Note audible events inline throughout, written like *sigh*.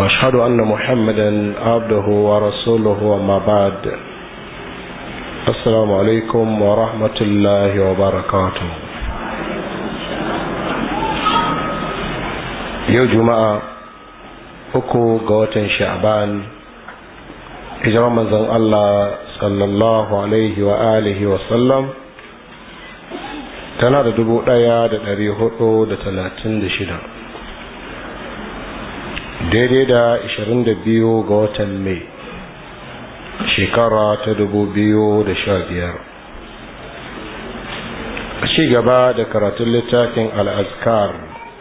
واشهد ان محمدا عبده ورسوله وما بعد السلام عليكم ورحمه الله وبركاته yau juma'a uku ga watan sha'ban hijirar manzon allah sallallahu alaihi wa alihi wa sallam tana da dubu ɗaya da dari hudu da talatin da shida daidai da 22 ga watan mai shekara ta 2015 a ci gaba da karatun littafin al'azkar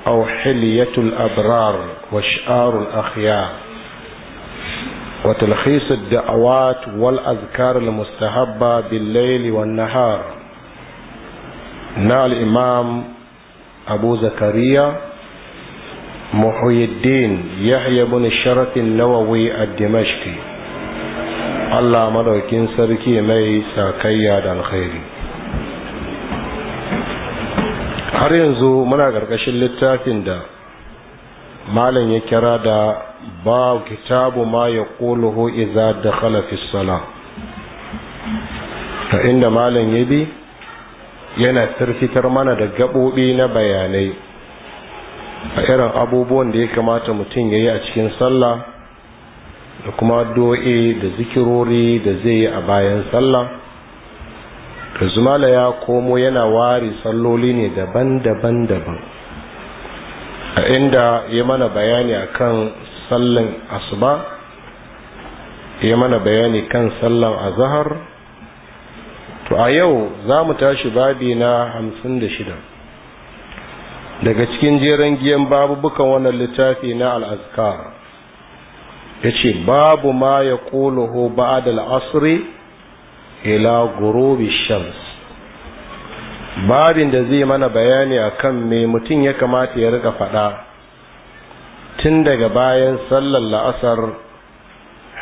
au hiliyatul abrar wa sha'arul akhyar wa talhisar da'awat wal azkar mustahabba laili wa nahar na al'imam abu zakariya محي الدين يحيى بن الشرف النووي الدمشقي الله مدوكين sarki مي ساكيا da الخير har yanzu muna ƙarƙashin littafin da malam ya kira da ba kitabu ma ya ƙuluhu iza da khalafi sala ta inda malam ya bi yana firfitar mana da gaɓoɓi na bayanai a irin abubuwan da ya kamata mutum ya yi a cikin sallah da kuma do'e da zikirori da zai yi a bayan sallah da zumala ya komo yana ware salloli ne daban-daban daban a inda ya mana bayani akan sallan asuba ya mana bayani kan sallan azahar to a yau za mu tashi babi na hamsin da shida daga cikin jeren giyan babubukan wannan littafi na al'azkar ya ce babu ma ya ho ba'ad al'asri ila gurubi shams babin da zai mana bayani akan me mutum ya kamata ya rika faɗa tun daga bayan sallar la'asar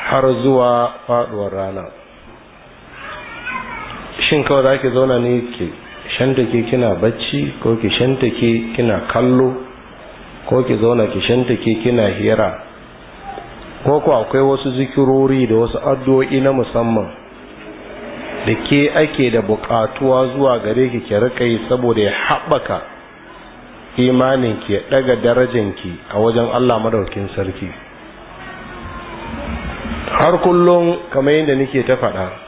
har zuwa faɗuwar rana shin kawai za ki zauna ne ke shantake kina bacci ko ki shantake kina kallo ko ki zauna ki shantake kina hira ko ku akwai wasu zikirori da wasu addu'o'i na musamman da ke ake da buƙatuwa zuwa gare ki ki rika yi saboda ya haɓaka imanin ki ya ɗaga ki a wajen Allah madaukin sarki har kullum kamar yadda nake ta faɗa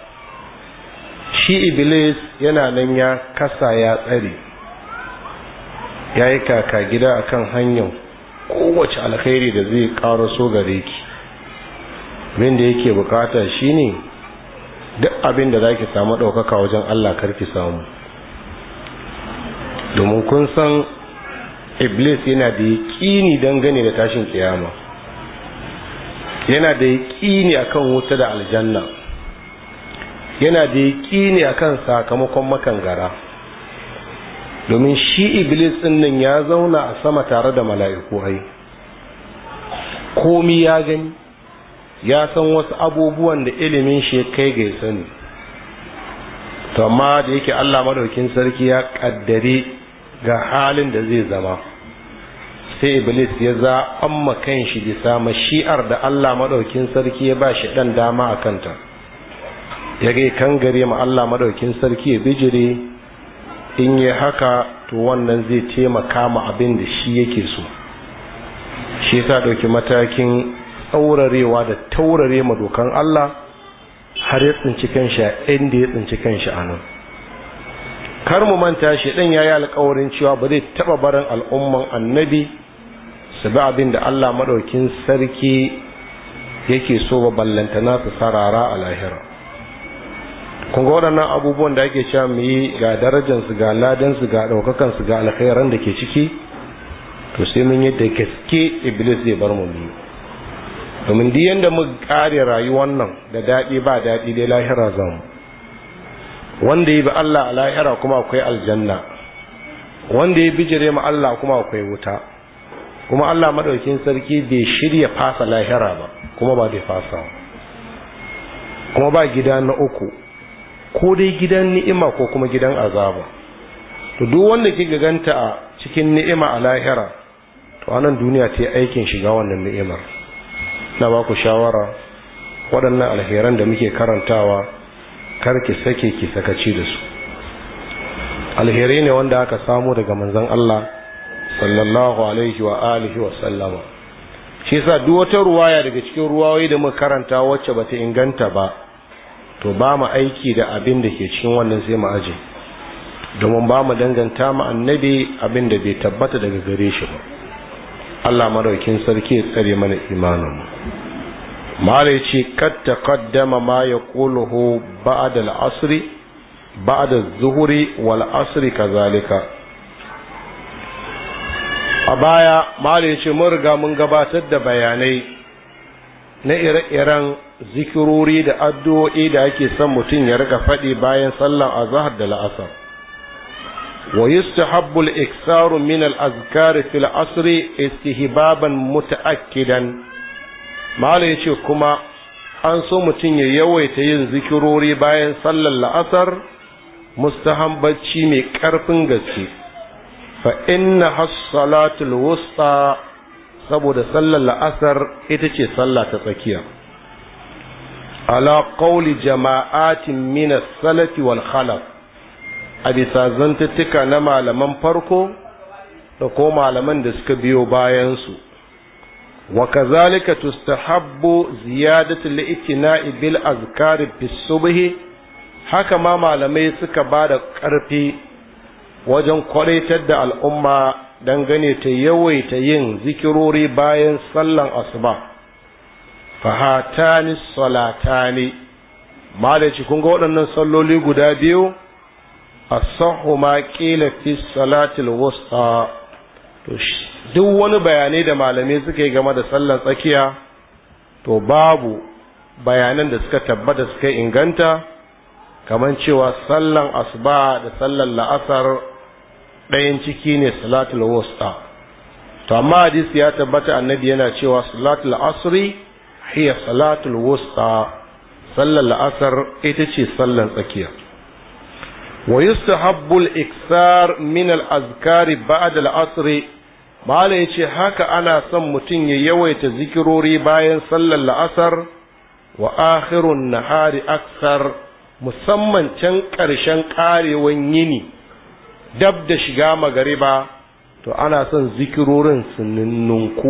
shi iblis yana nan ya kasa ya tsare ya yi kaka gida a kan hanyar kowace alkhairi da zai ƙara so gare ki abin da yake bukata shine duk abin da za ki samu ɗaukaka wajen allah karki samu domin kun san iblis yana da don dangane da tashin kiyama yana da yaƙini akan wuta da aljanna yana da ne a kan sakamakon makangara domin shi iblis nan ya zauna a sama tare da mala'iku ai komi ya gani ya san wasu abubuwan da ilimin shi kai ga sani to amma da yake Allah maɗaukin sarki ya kaddare ga halin da zai zama sai iblis ya amma kan shi bisa mashi'ar da Allah maɗaukin sarki ya ba shi ɗan dama a kanta ya ga kangare ma Allah madaukin sarki ya bijire in yi haka to wannan zai taimaka ma abin da shi yake so shi ta ɗauki matakin tsaurarewa da taurare ma dokan Allah har ya tsinci kanshi a inda ya tsinci kanshi a nan kar mu manta shi ɗan ya yi alkawarin cewa ba zai taba barin al'umman annabi su bi abin da Allah maɗaukin sarki yake so ba ballantana su sarara a lahira kun ga waɗannan abubuwan da ake cewa mu yi ga darajansu ga ladansu ga ɗaukakansu ga alkhairan da ke ciki to sai mun yi da gaske iblis zai bar mu biyu domin duk yadda mu kare rayuwar nan da daɗi ba daɗi dai lahira za mu wanda ya bi Allah a lahira kuma akwai aljanna wanda ya bijire ma Allah kuma akwai wuta kuma Allah maɗaukin sarki bai shirya fasa lahira ba kuma ba bai fasa kuma ba gida na uku ko dai gidan ni'ima ko kuma gidan azaba to duk wanda kika ganta a cikin ni'ima a lahira to anan duniya ta yi aikin shiga wannan ni'imar na ba ku shawara waɗannan alheran da muke karantawa kar ki sake ki sakaci da su alherai ne wanda aka samu daga manzon Allah sallallahu alaihi wa alihi wa sallama shi yasa duk wata ruwaya daga cikin ruwayoyi da muka karanta wacce bata inganta ba to ba mu aiki da abin da ke cikin wannan sai mu aje domin ba mu danganta mu annabi abin da bai tabbata daga gare shi ba Allah madaukin sarki ya tsare mana imanin mu mala yace taqaddama ma yaquluhu ba'da al-asr ba'da az-zuhri wal kazalika a baya mala yace mun riga mun gabatar da bayanai na ire-iren zikirori da addu'o'i da ake son mutum ya rika faɗi bayan sallar azahar da la'asar wa ta habbul iksaru min azkari fil asri istihibaban mutaakidan istihbaban muta'akkidan mala yace kuma an so mutum ya yawaita yin zikirori bayan sallar la'asar mustahabbaci mai ƙarfin gaske fa inna has-salatul wusta saboda sallar la'asar ita ce sallah ta tsakiya ala qawli jama'atin min as wal khalaf a bisa zantattuka na malaman farko da ko malaman da suka biyo bayan su wa kazalika tustahabbu ziyadatu li'tina'i bil azkari fi subhi haka ma malamai suka bada karfi wajen kwaraitar da al'umma dangane ta yawaita yin zikirori bayan sallan asuba fahatani salatani malaci kun ga waɗannan salloli guda biyu asahu ma qila fi salatil wusta duk wani bayanai da malamai suka yi game da sallar tsakiya to babu bayanan da suka tabbata suka inganta kamar cewa sallan asuba da sallan la'asar ɗayan ciki ne salatul wusta to amma hadisi ya tabbata annabi yana cewa salatul asri hiya salatul wusta sallar la'asar ita ce sallar tsakiya wa yustahabbu al-iksar min al-azkari ba'da al Malam ya ce haka ana son mutum ya yawaita zikirori bayan sallar la'asar wa akhirun nahari aksar musamman can ƙarshen ƙarewan yini dab da shiga magariba to ana son zikirorin su ninnunku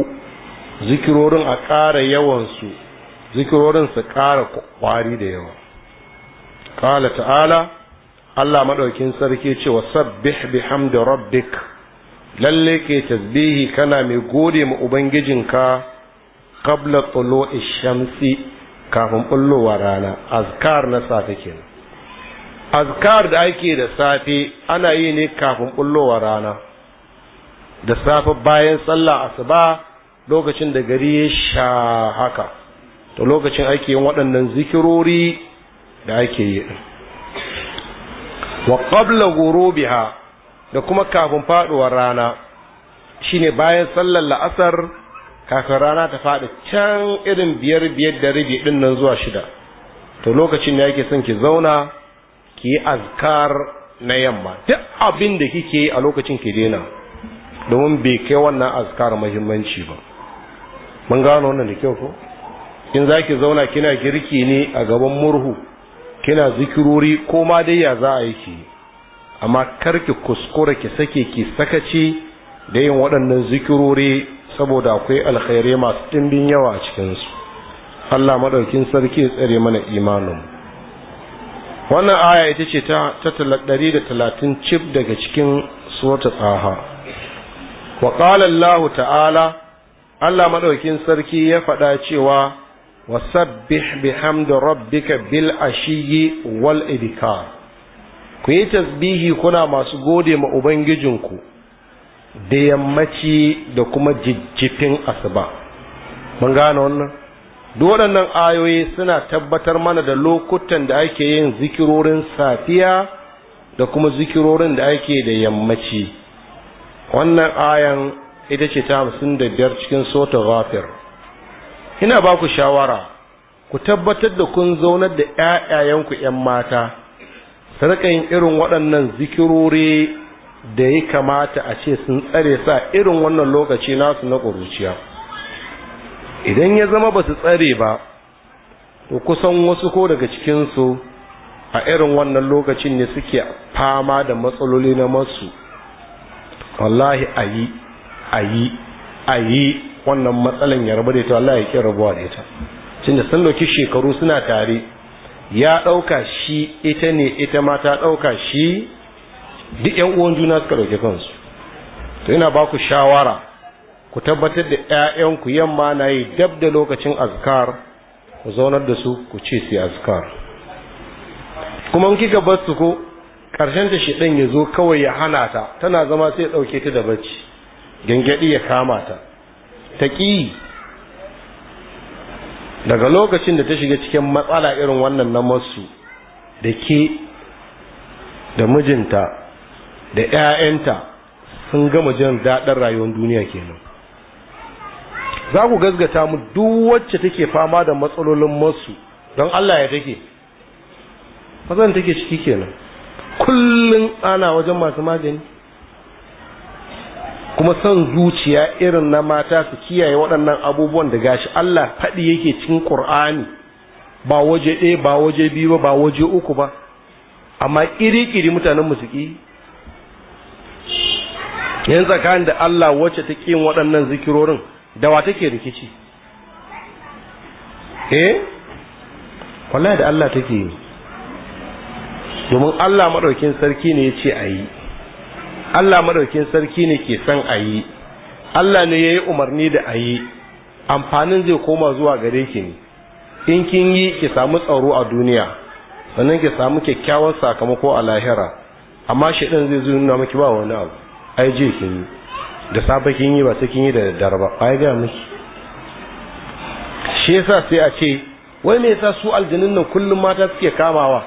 zikirorin a ƙara yawansu zikirorin su ƙara kwari da yawa qala ta'ala Allah maɗaukin sarki ce wa sabbih bihamdi rabbik lalle ke tasbihi kana mai gode ma ubangijinka qabla tulu'i shamsi kafin bullowa rana azkar na safe kenan azkar da ake da safe ana yi ne kafin bullowar rana da safe bayan sallah asuba lokacin da gari ya sha haka to lokacin ake yin waɗannan zikirori da ake yi wa qabla ghurubiha da kuma kafin faduwar rana shine bayan sallar la'asar kafin rana ta faɗi can irin biyar biyar da rabi ɗin nan zuwa shida to lokacin ne ake son ki zauna ki azkar na yamma duk abin da kike yi a lokacin ki daina domin bai kai wannan azkar muhimmanci ba mun gano wannan da kyau ko in zaki zauna kina girki ne a gaban murhu kina zikirori ko ma dai ya za a yi ki amma kar ki kuskura ki sake ki sakaci da yin waɗannan zikirori saboda akwai alkhairai masu ɗimbin yawa a cikinsu Allah maɗaukin sarki ya tsare mana imanin mu wannan aya ita ce ta ɗari da talatin cif daga cikin surta tsaha wa Allahu ta'ala Allah maɗaukin sarki ya faɗa cewa wa sabbih bihamdi rabbika bil ashiyi wal idikar ku yi tasbihi kuna masu gode ma ubangijinku da yammaci da kuma jijjifin asuba mun gane wannan duk waɗannan ayoyi suna tabbatar mana da lokutan da ake yin zikirorin safiya da kuma zikirorin da ake da yammaci wannan ayan ita ce ta hamsin da biyar cikin sota ghafir ina ba ku shawara ku tabbatar da kun zaunar da 'ya'yayanku 'yan mata su irin waɗannan zikirori da ya kamata a ce sun tsare sa irin wannan lokaci nasu na ƙuruciya idan ya zama ba su tsare ba to kusan wasu ko daga cikinsu a irin wannan lokacin ne suke fama da matsaloli na masu wallahi a yi a yi a yi wannan matsalan ya rabu da ita wallahi ya ƙi rabuwa da ita tunda sun ɗauki shekaru suna tare ya ɗauka shi ita ne ita ma ta ɗauka shi duk yan uwan juna suka ɗauki kansu to ina ba ku shawara ku tabbatar da 'ya'yanku yamma na yi dab da lokacin azkar ku zaunar da su ku ce su azkar kuma kika bar su ko ƙarshen ta shiɗan ya zo kawai ya hana ta tana zama sai ɗauke ta da bacci gangaɗi ya kama ta ta ƙi daga lokacin da ta shiga cikin matsala irin wannan na masu da ke da mijinta da 'ya'yanta sun gama jin daɗin rayuwar duniya kenan za ku gazgata mu duk wacce take fama da matsalolin masu don Allah ya take mazan take ciki kenan kullum ana wajen masu magani kuma son zuciya irin na mata su kiyaye waɗannan abubuwan da gashi Allah faɗi yake cikin Qur'ani ba waje ɗaya ba waje biyu ba waje uku ba amma ƙiri-ƙiri mutanen musiki Yanzu tsakanin da Allah wacce ta ƙin waɗannan zikirorin da wa take rikici eh wallahi da Allah take yi domin Allah madaukin sarki ne yace ayi Allah madaukin sarki ne ke san ayi Allah ne yayi umarni da ayi amfanin zai koma zuwa gare ki ne in kin yi ki samu tsaro a duniya sannan ki samu kyakkyawan sakamako a lahira amma shi zai zo nuna miki ba wani abu ai je kin yi da safe kin yi ba sai kin yi da daddare ba ai ga miki shi yasa sai a ce wai me yasa su aljinin nan kullum mata suke kamawa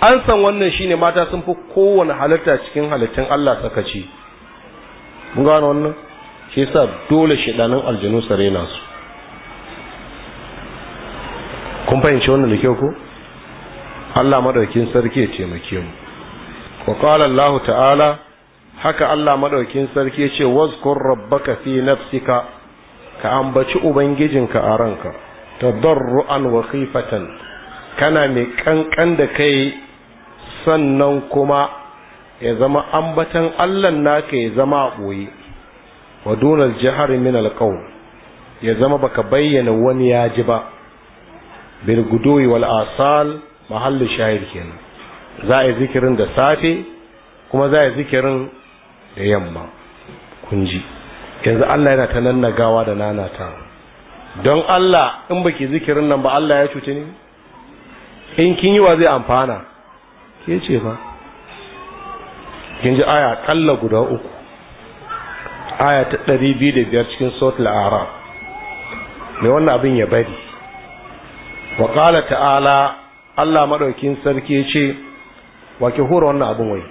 an san wannan shine mata sun fi kowane halitta cikin halittun Allah sakaci mun gano wannan shi yasa dole shedanin aljinu su rena su kun fahimci wannan da kyau ko Allah madaukin sarki ya taimake mu wa qala ta'ala haka Allah maɗaukin sarki yace wazkur rabbaka fi nafsika ka ambaci ubangijinka a ranka tadarruan wa khifatan kana mai kankan da kai sannan kuma ya zama ambatan Allah naka ya zama boye wa dunal jahari min alqawl ya zama baka bayyana wani ya ji ba bil wal asal mahallu shahid kenan za a yi zikirin da safe kuma za a yi zikirin da yamma kun ji yanzu Allah yana ta nannagawa da ta don Allah in ba ke zikirin nan ba Allah ya cuce ne in kin yi wa zai amfana ke ce ba kin ji aya kalla guda uku aya ta ɗari biyu da biyar cikin sot arab mai wannan abin ya bari wa ta'ala Allah maɗaukin sarki ce wa ki hura wannan abin wai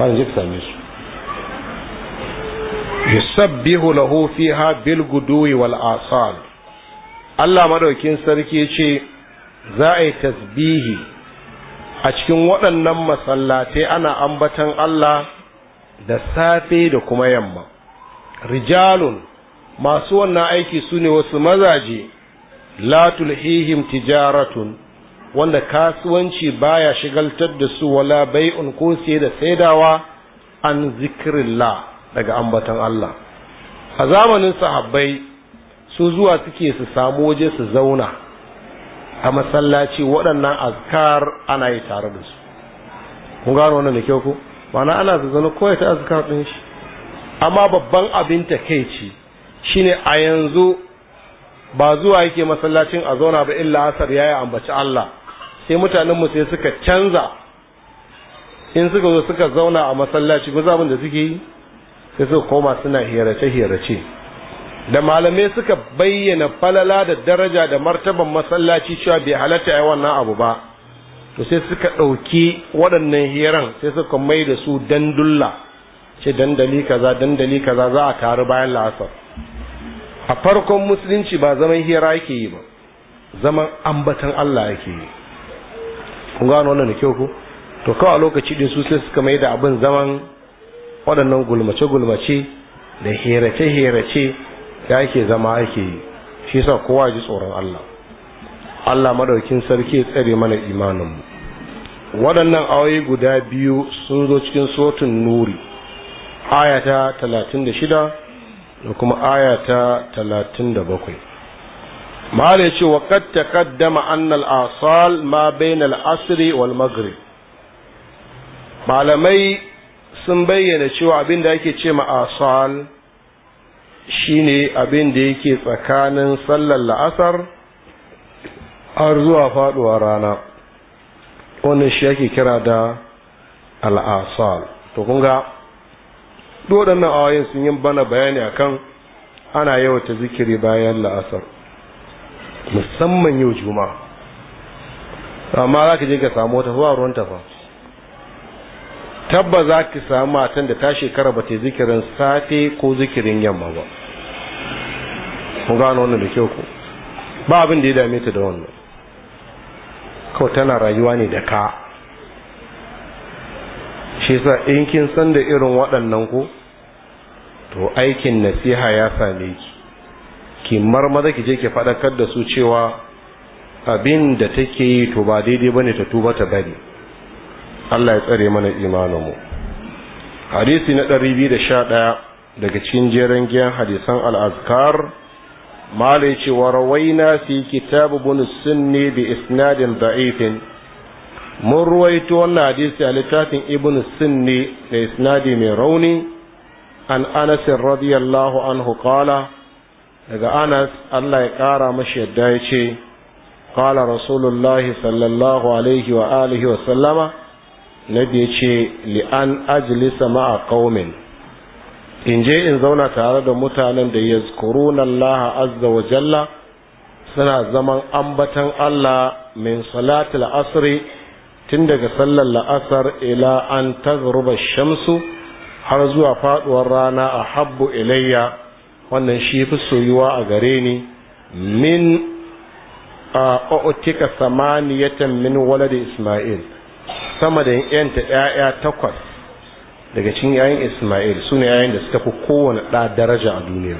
wani zai same su yusabbihu lahu fiha bil guduwi wal asal Allah maɗaukin sarki ce za a yi tasbihi a cikin waɗannan masallatai ana ambatan Allah da safe da kuma yamma rijalun masu wannan aiki su ne wasu mazaje Latulhihim tulhihim tijaratun wanda kasuwanci baya shigaltar da su wala bai'un ko sai da saidawa an zikrillah daga ambatan Allah a zamanin sahabbai su zuwa suke su samu waje su zauna a masallaci waɗannan azkar ana yi tare da su kun gano wannan da kyau ko ma'ana ana zazzana kawai ta azkar ɗin shi amma babban abin takeici shine a yanzu ba zuwa yake masallacin a zauna ba illa asar yayi ambaci Allah sai mutanenmu sai suka canza in suka zo suka zauna a masallaci ba zabin da suke yi sai suka koma suna hirace-hirace da malamai suka bayyana falala da daraja da martaban masallaci cewa bai halatta ya wannan abu ba to sai suka ɗauki waɗannan hiran sai suka mai da su dandulla ce dandali kaza dandali kaza za a taru bayan la'asar a farkon musulunci ba zaman hira yake yi ba zaman ambatan Allah yake yi kun gano wannan da kyau ko to kawai lokaci din su sai suka mai da abin zaman waɗannan gulmace-gulmace da herace-herace da ake zama ake yi shi sa kowa ji tsoron Allah Allah madaukin sarki ya tsare mana imaninmu waɗannan ayoyi guda biyu sun zo cikin sotun nuri ayata talatin da shida da kuma ayata talatin da bakwai mala ya ce wa kad kadda anna ma bayna asiri wal malamai sun bayyana cewa abin da ake ce ma asal shine abin da yake tsakanin sallar la'asar har zuwa faduwar rana wannan shi ake kira da al'asal to kun ga waɗannan awayin sun yi bana bayani akan ana yawata zikiri bayan la'asar musamman yau juma amma za ka je ka samu wata ruwa ruwan tafa tabba za ki samu matan da ta shekara ba ta zikirin safe ko zikirin yamma ba kun gano wannan da kyau ku ba abin da ya dame ta da wannan kawai tana rayuwa ne da ka shi sa in kin san da irin waɗannan ku to aikin nasiha ya same ki ki maza ki je ki faɗakar da su cewa abin da take yi to ba daidai bane ta tuba ta bari Allah ya tsare mana mu hadisi na 211 daga cikin jeren giyan hadisan al-azkar mala yace wa rawaina fi kitab ibn sunni bi isnadin da'ifin mun ruwaito wannan hadisi a littafin ibn sunni da isnadi mai rauni an anas radiyallahu anhu qala daga anas allah ya ƙara mashi yadda ya ce ƙala rasulullahi sallallahu alaihi wa alihi wa sallama na biya ce li'an ajlisa ma'a qaumin in je in zauna tare da mutanen da yazkuruna Allah azza wa jalla suna zaman ambatan Allah min salatul asri tun daga sallar la'asar ila an tazruba shamsu har zuwa faduwar rana a habbu ilayya wannan shi fi soyuwa a gare ni min a o'tika samaniyatan min walad isma'il sama da yanta yaya takwas daga cikin yayin isma'il sune yayin da suka fi kowane ɗa daraja a duniya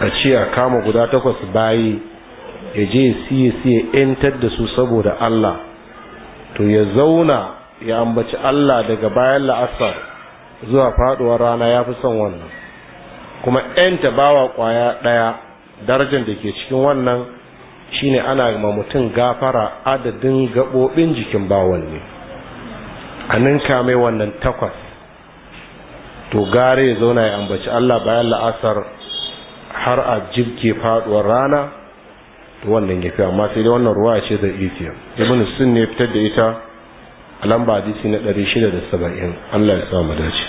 a ce a kama guda takwas bayi ya je siye siye yantar da su saboda Allah to ya zauna ya ambaci Allah daga bayan la'asar zuwa faɗuwar rana ya fi son wannan kuma yanta bawa kwaya ɗaya darajar da ke cikin wannan shine ana ma mutum gafara adadin gaɓoɓin jikin bawanne ne a ninka mai wannan takwas to gare ya zauna ya ambaci Allah bayan la'asar har a jibke faɗuwar rana to wannan ya fi amma sai dai wannan ruwa ce da isiya ibn sun ne fitar da ita a lamba hadisi na 670 Allah ya sa mu dace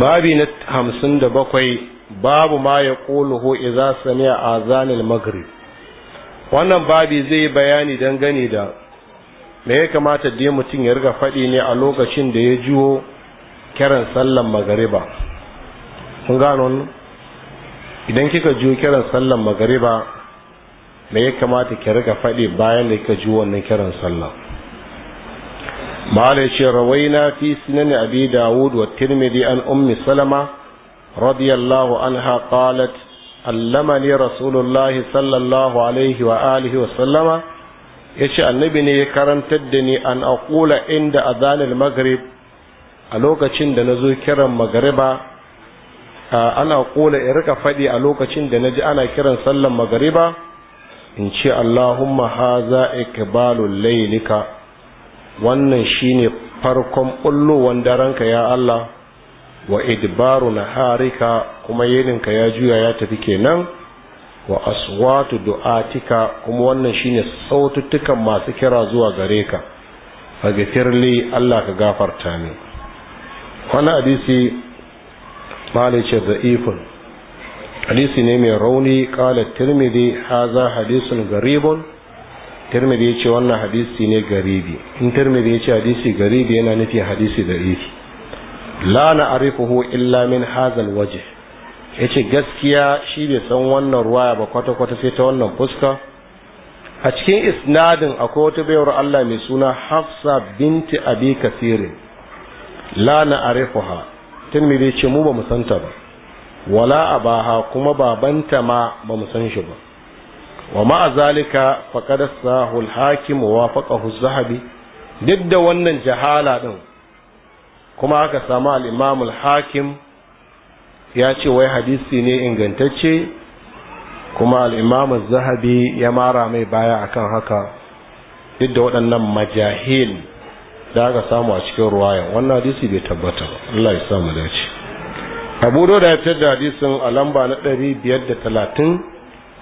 babi na hamsin da bakwai babu ma ya ƙoluhu iza sami a zanil maghrib wannan babi zai yi bayani gani da me ya kamata da mutum ya riga faɗi ne a lokacin da ya juwo kiran sallan magariba kun gano idan kika juwo kiran sallan magariba me ya kamata ki riga faɗi bayan da kika juwo wannan kiran sallan malai ce rawaina fi sunan abi dawud wa tirmidhi an ummi salama radiyallahu anha qalat allamani rasulullahi sallallahu alaihi wa alihi wa sallama yace annabi ne ya karantar da ni an aqula inda azanil maghrib a lokacin da nazo kiran magriba ana kula in rika fadi a lokacin da naji ana kiran sallan magriba in ce allahumma haza ikbalul laylika wannan shine farkon bullowan daranka ya Allah wa idbaru harika kuma yininka ya juya ya tafi kenan wa aswatu du'atika kuma wannan shine saututtukan masu kira zuwa gare ka faghfirli Allah ka gafarta ne wani hadisi malice da'ifun hadisi ne mai rauni qala tirmidhi haza hadisun garibun tirmidhi yace wannan hadisi ne garibi in tirmidhi yace hadisi garibi yana nufi hadisi da yake la na arifuhu illa min hadha alwajh yace gaskiya shi bai san wannan ruwaya ba kwata kwata sai ta wannan fuska a cikin isnadin akwai wata bayar Allah mai suna Hafsa binti Abi Kathir la arifuha tirmidhi yace mu ba mu santa ba wala abaha kuma babanta ma ba mu san shi ba wa ma'azalika zalika faqad sahu al-hakim wa faqahu zahabi duk wannan jahala din kuma aka samu al-imam al-hakim ya ce wai hadisi ne ingantacce kuma al-imam al zahabi ya mara mai baya akan haka duk da waɗannan majahil da aka samu a cikin ruwaya wannan hadisi bai tabbata ba Allah ya sa mu dace Abu Dawud ya fitar da hadisin a lamba na 530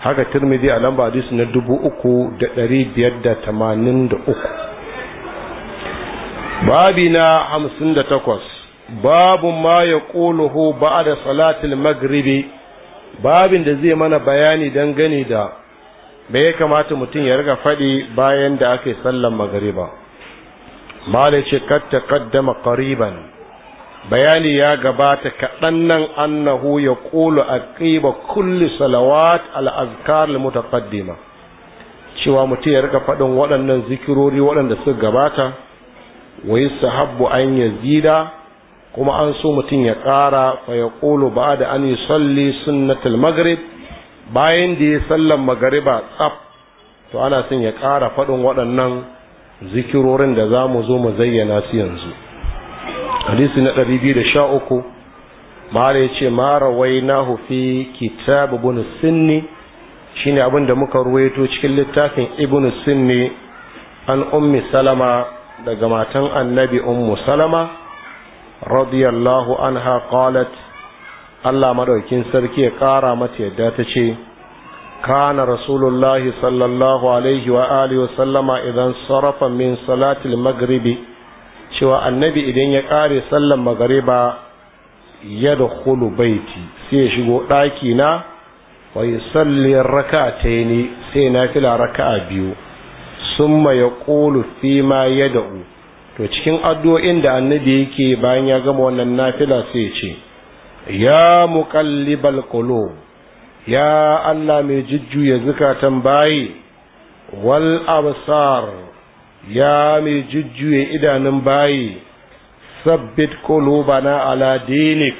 haka tirmidhi a lamba hadisi na 3583 babi na 58 babu ma yaquluhu da salatil magribi babin da zai mana bayani don gani da bai ya kamata mutum ya riga faɗi bayan da ake sallan magariba mala ce kad kaddama kariban. bayani ya gabata kaɗan nan annahu ya ƙulu a ƙiba kulli salawat al'azkar mutaqaddima cewa mutum ya rika faɗin waɗannan zikirori waɗanda suka gabata wa yi sahabbu an zida kuma an so mutum ya ƙara fa ya ƙulu ba da an yi salli sunnatul magrib bayan da ya sallan magariba tsaf to ana son ya ƙara faɗin waɗannan zikirorin da za mu zo mu zayyana su yanzu hadisi na ɗari biyu da uku mara ya ce mara wai na hufi kita ibn sinni shine abin da muka ruwaito cikin littafin ibn sinni an ummi salama daga matan annabi ummu salama radiyallahu anha qalat Allah madaukin sarki ya kara mata yadda ta ce kana rasulullahi sallallahu alaihi wa alihi wa sallama idan sarafa min salatil maghribi cewa annabi idan ya kare sallan magariba ya da baiti sai ya shigo ɗaki na wa yi sallin raka ta ne sai na fila raka biyu sun ya ƙolu fi ma ya da'u to cikin addu'o'in da annabi yake bayan ya gama wannan nafila sai ya ce ya muƙallibal qulub ya Allah mai jujjuya zukatan bayi wal absar ya mai jujjuye idanun bayi sabbit kolobana ala dinik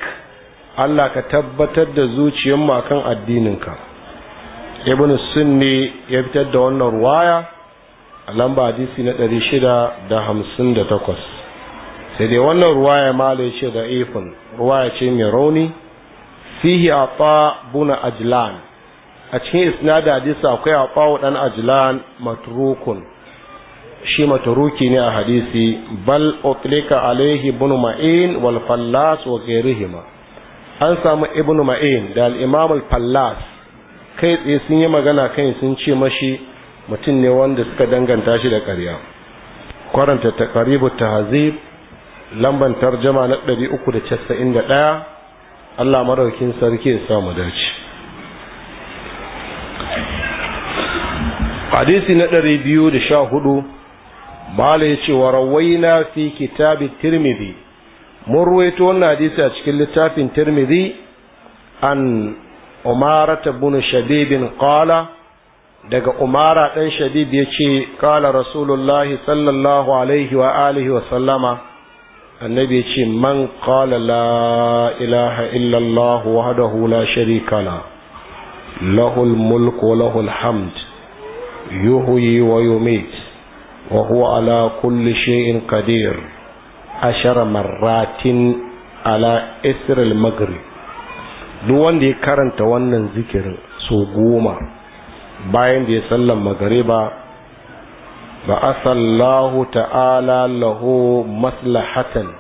Allah ka tabbatar da zuciyarmu akan addininka ibn sunni ya fitar da wannan ruwaya a lamba hadisi na 658 sai dai wannan ruwaya mala ce da ifin ruwaya ce mai rauni fihi fa buna ajlan a cikin isnada hadisi akwai ata dan ajlan matrukun shi mataruki ne a hadisi bal utlika alaihi ibn ma'in wal fallas wa ghairihima an samu ibn ma'in da al-imam al-fallas kai tsaye sun yi magana kai sun ce mashi mutum ne wanda suka danganta shi da ƙarya kwaranta ta tahzib lamban tarjama na 391 Allah maraukin sarki ya samu dace hadisi na 214 malam ya ce wa rawaina fi kitabi tirmidhi mun ruwaito wannan hadisi a cikin littafin tirmidhi an umara bunu shabibin qala daga umara dan shabib ya ce Kala rasulullah sallallahu alaihi wa alihi wa sallama annabi ya ce man qala la ilaha illa allah wahdahu la sharika la lahul mulku wa lahul hamd yuhyi wa yumit وهو على كل شيء قدير عشر مرات على إثر المغرب duk wanda ya karanta wannan zikirin so goma bayan da ya sallan magariba ba asallahu ta'ala lahu maslahatan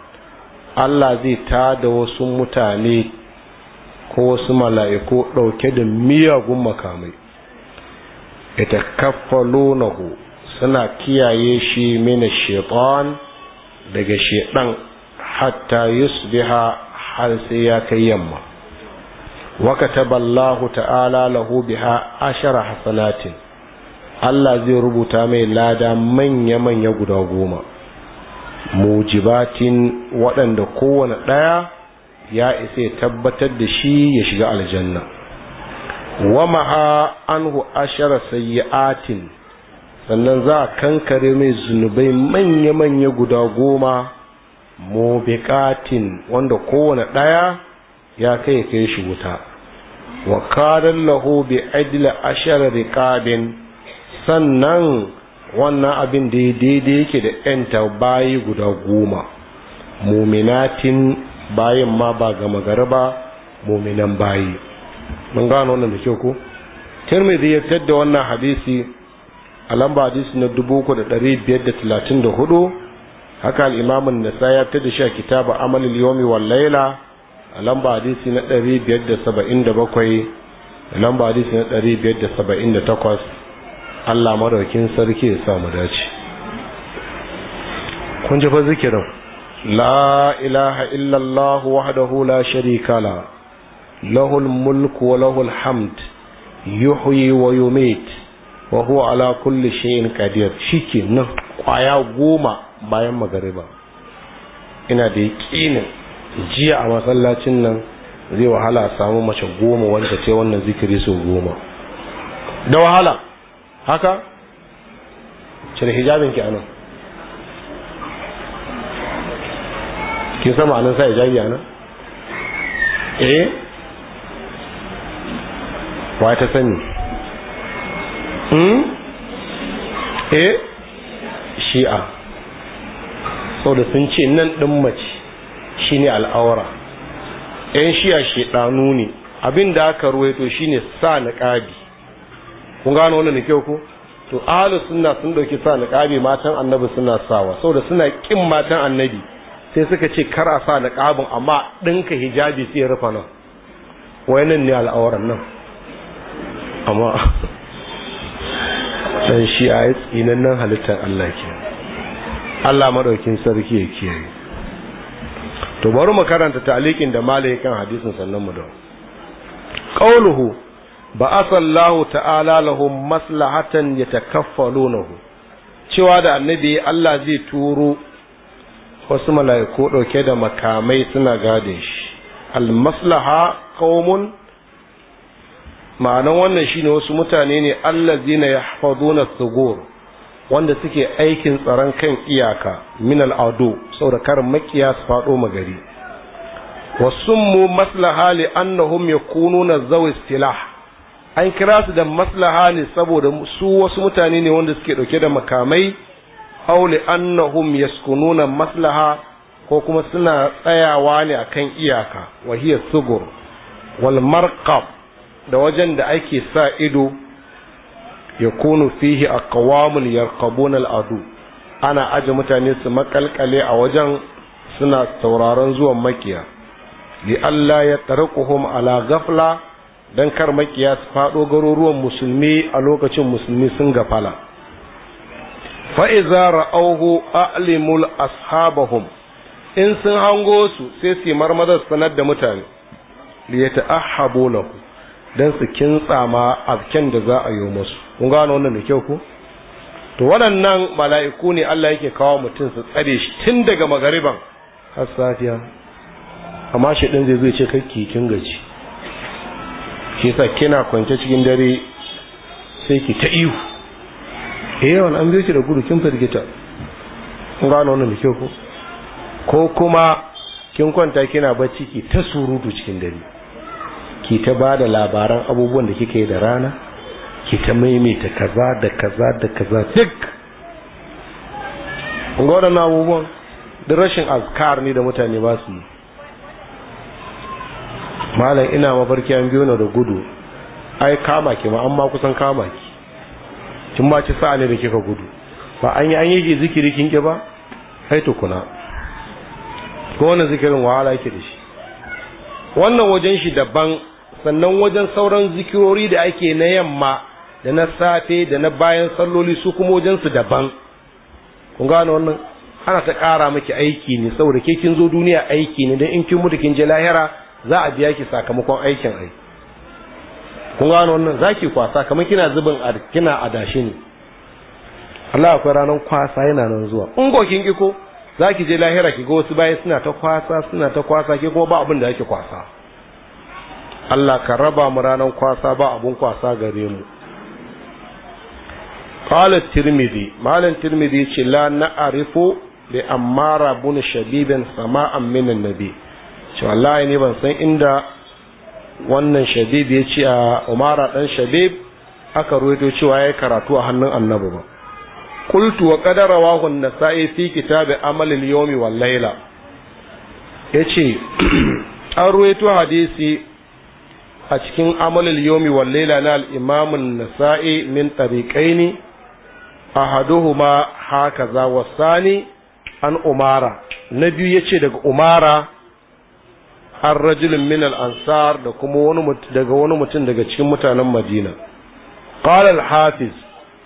Allah zai da wasu mutane ko wasu mala'iku ɗauke da miyagun makamai ita suna kiyaye shi mina shaitan daga shaitan hatta yusbiha har sai ya kai yamma wa kataballahu ta'ala lahu biha ashara hasanatin Allah zai rubuta mai lada manya-manya guda goma mujibatin waɗanda kowane ɗaya ya isa tabbatar da shi ya shiga aljanna wa ma'a anhu ashara sayyatin sannan za a kankare mai zunubai manya-manya guda goma mobekatin wanda kowane ɗaya ya kai kai shi wuta wa kadan bai bi adila ashara sannan wannan abin da ya daidai yake da yanta bayi guda goma muminatin bayan ma ba gama gari ba muminan bayi mun gano wannan da kyau ko tirmidhi ya da wannan hadisi a lamba hadisi na dubu da ɗari biyar da talatin da hudu haka al'imamun nasa ya ta da sha kitaba amalil yomi wal laila a lamba hadisi na ɗari biyar da saba'in da bakwai da lamba hadisi na ɗari biyar da saba'in da takwas allah maraukin sarki ya samu dace kun ji fa zikirin la ilaha illallah wahdahu la sharika la lahul mulku wa lahul hamd yuhyi wa yumit wa huwa ala kulli shay'in qadir nan kwaya goma bayan magariba ina da yakin jiya a masallacin nan zai wahala a samu mace goma wanda ce wannan zikiri sau goma da wahala haka cire hijabin ki anan kin sama anan sa hijabi anan eh wata ta sani hmm eh shi'a saboda sun ce nan ɗin mace shi ne al'aura yan shi'a shedanu ne abin da aka ruwaito ne sa ƙabi. kun gano wannan da kyau to ahlus sunna sun ɗauki sa ƙabi matan annabi suna sawa saboda suna ƙin matan annabi sai suka ce kar a sa ƙabin amma ɗinka hijabi sai rufa nan nan ne al'auran nan amma dan shi a yi tsinannen halittar Allah ke Allah maɗaukin sarki ya kiyaye to bari mu karanta talikin da malai kan hadisin sannan mu da lahu ba'atha Allah ta'ala lahum maslahatan yatakaffalunahu cewa da annabi Allah zai turo wasu mala'iku ɗauke da makamai suna gade shi al maslaha qaumun ma'anan wannan shine wasu mutane ne allazina na sugur wanda suke aikin tsaron kan iyaka min al'adu saboda karin makiya su faɗo magari mu maslaha li annahum yakununa zawi silah an kira su da maslaha ne saboda su wasu mutane ne wanda suke dauke da makamai aw li annahum yaskununa maslaha ko kuma suna tsayawa ne akan iyaka wa hiya sugur wal marqab da wajen da ake sa ido ya kunu fihi a kawamun yarkabun al'adu ana aje mutane su makalkale a wajen suna sauraron zuwan makiya li Allah ya tarakuhum ala gafla don kar makiya su faɗo garuruwan musulmi a lokacin musulmi sun gafala fa'iza ra'auhu a'limul ashabahum in sun hango su sai su yi marmazar sanar da mutane Liyata a ta'ahabu lahu don su kintsa ma afken da za a yi musu kun gano wannan da kyau ko to waɗannan mala'iku ne Allah yake kawo mutum su tsare shi tun daga magariban har safiya amma shi ɗin zai zai ce kakki kin gaji shi sa kina kwance cikin dare sai ki ta ihu eh wani an zai da gudu kin firgita kun gano wannan da kyau ko ko kuma kin kwanta kina bacci ki ta surutu cikin dare ki ta ba da labaran abubuwan da kike da rana ki ta maimaita kaza da kaza da kaza duk ga waɗannan abubuwan da rashin azkar ne da mutane ba su yi malam ina mafarki an biyo na da gudu ai kama ki ma amma kusan kama ki kin ma ci sa'a ne da kika gudu ba an yi an yi zikiri kin ki ba ai tukuna ko wannan zikirin wahala yake da shi wannan wajen shi daban sannan wajen sauran zikirori da ake na yamma da na safe da na bayan salloli su kuma wajen su daban kun gano wannan ana ta ƙara miki aiki ne saboda ke kin zo duniya aiki ne don in kin mutu kin je lahira za a biya ki sakamakon aikin ai kun gano wannan za ki kwasa kamar kina zubin kina adashi ne Allah akwai ranar kwasa yana nan zuwa in ko kin ki ko za ki je lahira ki ga wasu bayan suna ta kwasa suna ta kwasa ke kuma ba abin da yake kwasa Allah ka raba mu ranar kwasa ba abun kwasa gare mu قال الترمذي مال الترمذي لا bi ammara bun شبيب sama'an min annabi. شو wallahi ne ban san inda wannan shabib ya ce a umara dan shabib aka ruwaito cewa ya karatu a hannun annabi ba qultu wa qadara wa an-nasa'i fi kitab amal al wal layla yace *clears throat* an ruwaito hadisi a cikin amalin yomi wal laila na al-imam a nasai min haka za hakaza wasani an umara na biyu ce daga umara har rajulun min al’ansar ansar da kuma daga wani mutum daga cikin mutanen madina qala al-hafiz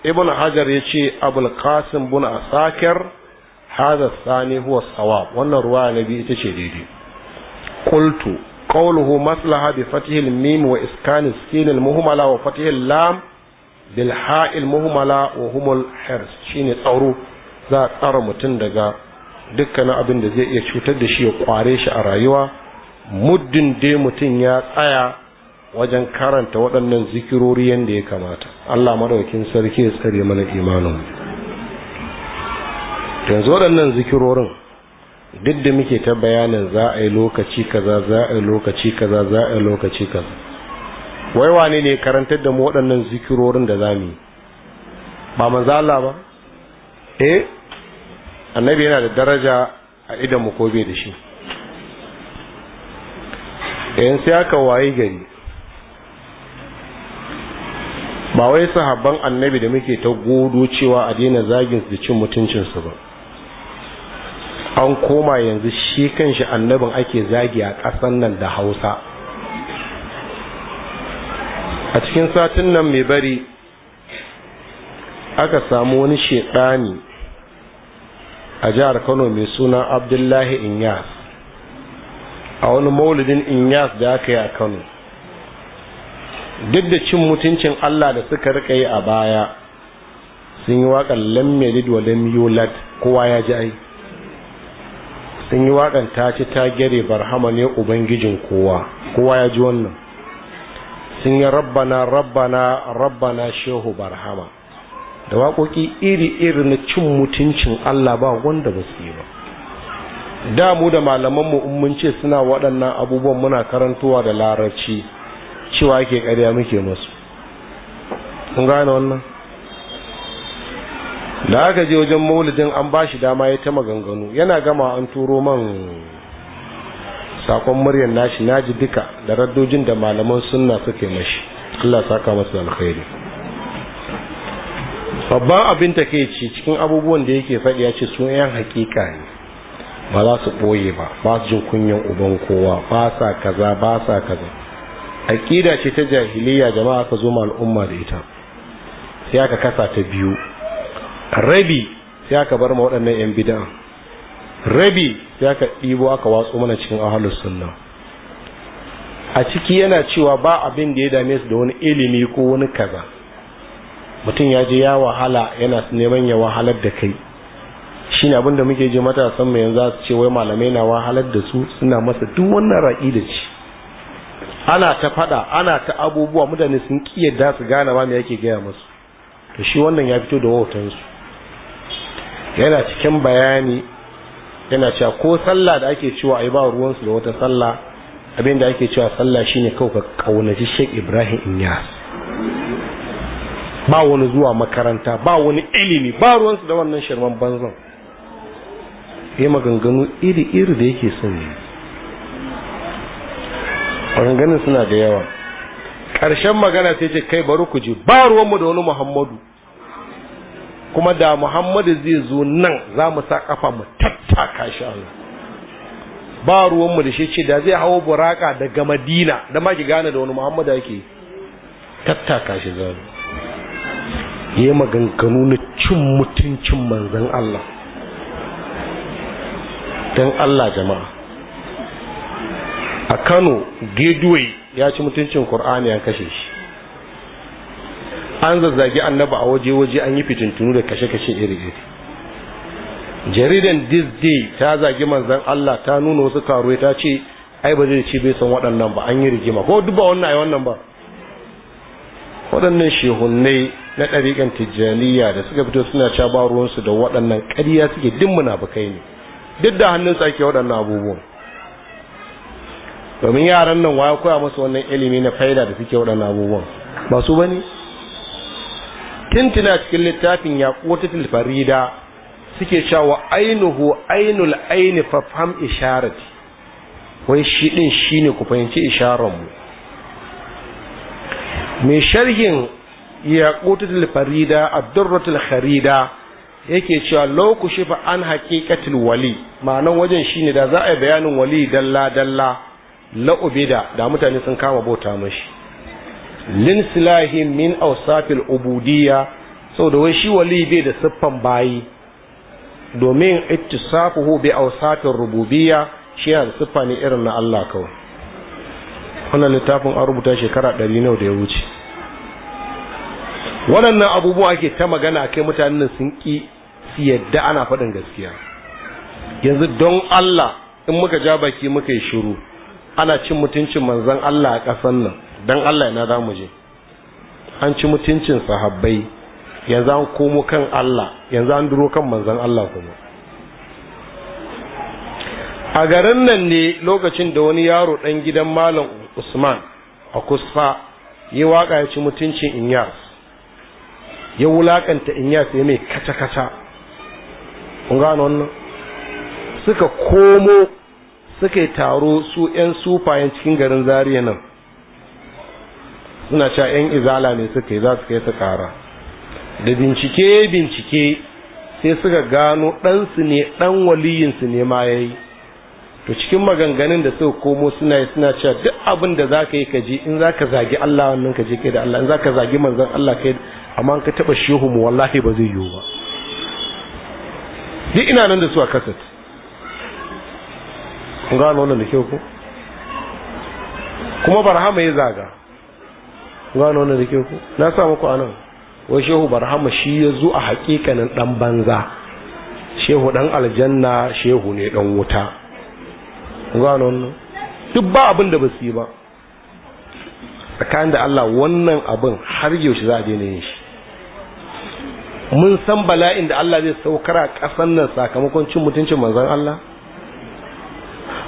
ibn hajar yace abul ƙasim bin asakir hadha sani huwa tsawa wannan ruwa na biyu ita ce daidai قوله مصلحة بفتح الميم وإسكان السين المهملة وفتح اللام بالحاء المهملة وهم الحرس شيني tsaro za a tsara mutum daga dukkanin abin da zai iya cutar da shi ya kware shi a rayuwa muddin dai mutum ya tsaya wajen karanta waɗannan zikirori yadda ya kamata Allah madaukin sarki ya tsare mana imanin yanzu waɗannan zikirorin duk da muke ta bayanin za a yi lokaci kaza za a yi lokaci kaza za a yi lokaci kaza wai wane ne karantar da mu waɗannan zikirorin da za mu yi ba manzo Allah ba eh annabi yana da daraja a idan mu ko bai da shi in eh, sai aka waye gari ba wai sahabban annabi da muke ta godo cewa a daina zagin su da cin mutuncinsu ba an koma yanzu shi kan shi annabin ake zagi a ƙasan nan da hausa a cikin satin nan mai bari aka samu wani shekani a jihar kano mai suna abdullahi inyas a wani maulidin inyas da aka yi a kano duk da cin mutuncin allah da suka rika yi a baya sun yi waƙar lammelid wa lammelid kowa ya ji aiki. sun yi waƙan ta ci ta gere barhama ne ubangijin kowa kowa ya ji wannan sun yi rabbana rabbana rabbana shehu barhama da waƙoƙi iri-iri na cin mutuncin Allah ba wanda ba su yi ba damu da malamanmu in ce suna waɗannan abubuwan muna karantowa da larabci cewa ake ƙarya muke masu kun gane wannan da aka je wajen maulidin an ba shi dama ya ta maganganu yana gama an turo man sakon muryar nashi naji duka da raddojin da malaman sunna suke mashi Allah saka masa alkhairi babban abin ta ke ci cikin abubuwan da yake faɗi ya ce su yan hakika ne ba za su ɓoye ba ba su jin kunyan uban kowa ba sa kaza ba sa kaza aƙida ce ta jahiliya jama'a ka zo ma al'umma da ita sai aka kasa ta biyu rabi sai aka bar ma waɗannan yan bid'a rabi sai aka ɗibo aka watso mana cikin ahalus sunna a ciki yana cewa ba abin da ya dame su da wani ilimi ko wani kaza mutum ya je ya wahala yana neman ya wahalar da kai shine abin da muke ji matasan mai yanzu su ce wai malamai na wahalar da su suna masa duk wannan raƙi da ci ana ta fada ana ta abubuwa mutane sun da su gane da me yake gaya masu to shi wannan ya fito da wautansu yana cikin bayani yana cewa ko sallah da ake cewa ai ba ruwansu da wata sallah abinda ake cewa sallah shine kawai ka kaunaci Sheikh Ibrahim Inyas ba wani zuwa makaranta ba wani ilimi ba ruwansu da wannan sharman banzan yi maganganu iri-iri da yake son yi maganganun suna da yawa ƙarshen magana sai ce kai bari ku ji ba ruwanmu da wani muhammadu kuma da muhammadu zai zo nan za mu sa kafa mu tattaka shi Allah. ba ruwanmu da shi ce da zai hawo buraka daga madina da ma ki gane da wani muhammadu ake tattaka shi mu yi maganganu na cin mutuncin manzan Allah don Allah jama'a a Kano Gateway ya ci mutuncin Kur'ani ya kashe shi an zazzagi annabi a waje-waje an yi fitintunu da kashe-kashe iri-iri jaridan disney ta zagi manzan allah ta nuna wasu karuwai ta ce ai ba zai ci bai san waɗannan ba an yi rigima ko duk ba wannan ai wannan ba waɗannan shehunnai na ɗariƙan tijjaniya da suka fito suna ca ba ruwansu da waɗannan ƙarya suke ba munafukai ne duk da hannun ake waɗannan abubuwan domin yaran nan waya koya musu wannan ilimi na faida da suke waɗannan abubuwan ba su bane tintina cikin littafin yaqutatul farida suke cewa ainihu ainul aini fafham isharati wai shi din shine ku fahimci isharar mu mai sharhin yaqutatul farida ad-durratul kharida yake cewa lauku shifa an haqiqatul wali ma'anan wajen shine da za a yi bayanin wali dalla dalla la'ubida da mutane sun kama bauta mashi linsilahin min ausafil ubudiyya saboda wai shi wali bai da siffan bayi domin ittisafuhu bi ausafin rububiyya shi yana siffa ne irin na Allah kawai wannan littafin an rubuta shekara ɗari nawa da ya wuce waɗannan abubuwa ake ta magana kai mutanen sun ƙi su yadda ana faɗin gaskiya yanzu don Allah in muka ja baki muka yi shiru ana cin mutuncin manzon Allah a ƙasan nan dan Allah na zamu je an ci mutuncin sahabbai yanzu an komo kan Allah yanzu an duro kan manzon Allah kuma a garin nan ne lokacin da wani yaro dan gidan malam Usman a kusfa ya waka ya ci mutuncin Inyas ya wulakanta Inyas ya mai kata kata kun gano wannan suka komo suka taro su 'yan sufayen cikin garin zariya nan suna cewa yan izala ne suka yi za su kai su kara da bincike bincike sai suka gano ɗansu ne ɗan waliyinsu ne ma ya yi to cikin maganganun da suka komo suna yi suna cewa duk abin da za ka yi ka je in za ka zagi Allah wannan ka je kai da Allah in za ka zagi manzan Allah kai amma ka taɓa shehu mu wallahi ba zai yiwu ba duk ina nan da su a kasat kun gano wannan da kyau ko kuma barhama ya zaga gano wannan da ku na sa muku anan wai shehu barhama shi ya zo a hakikanin dan banza shehu dan aljanna shehu ne dan wuta gano wannan duk ba abin da ba su yi ba tsakanin da Allah wannan abin har yaushe za a daina yin shi mun san bala'in da Allah zai saukar a kasan nan sakamakon cin mutuncin manzon Allah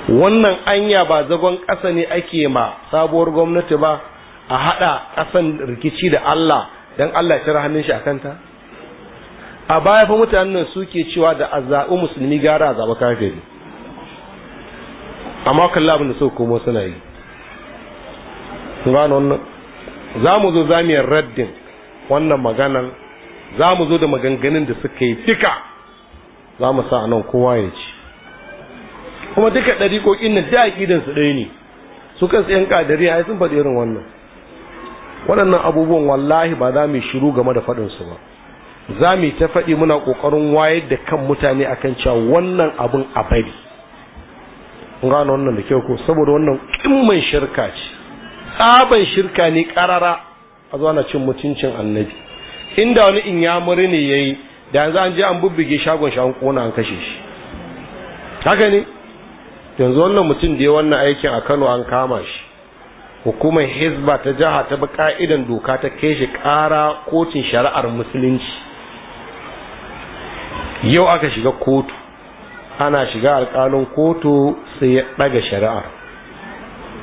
wannan anya ba zagon kasa ne ake ma sabuwar gwamnati ba a haɗa ƙasan rikici da Allah don Allah ya cire hannun shi a kanta a baya fa mutanen nan suke cewa da azabu musulmi gara a zaba kafiri amma kalla abin da suka komo suna yi su gano wannan za mu zo zamiyar raddin wannan maganan za mu zo da maganganun da suka yi duka za mu sa nan kowa ya ci kuma duka ɗari ko ina da aƙidansu ɗaya ne su kansu ‘yan ƙadari yi sun faɗi irin wannan waɗannan abubuwan wallahi ba za mu shiru game da faɗinsu ba za mu ta faɗi muna ƙoƙarin wayar da kan mutane akan cewa wannan abin a bari gano wannan da kyau ko saboda wannan ƙimman shirka ce tsaban shirka ne ƙarara a zuwa na cin mutuncin annabi inda wani in ya muri ne ya yi da yanzu an je an bubbuge shagon shi an ƙona an kashe shi haka ne yanzu wannan mutum da ya wannan aikin a kano an kama shi hukumar hezba ta jiha ta bi ka'idan doka ta kai shi ƙara kotun shari'ar musulunci yau aka shiga kotu ana shiga alƙalin kotu sai ya ɗaga shari'ar